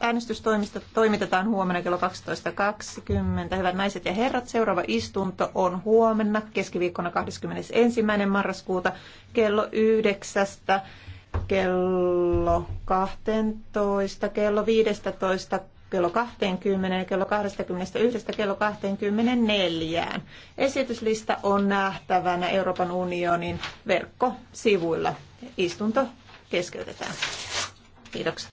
Äänestystoimista toimitetaan huomenna kello 12.20. Hyvät naiset ja herrat, seuraava istunto on huomenna keskiviikkona 21. marraskuuta kello 9 kello 12, kello 15, kello 20, kello 21, kello 24. Esityslista on nähtävänä Euroopan unionin verkkosivuilla. Istunto keskeytetään. Kiitoksia.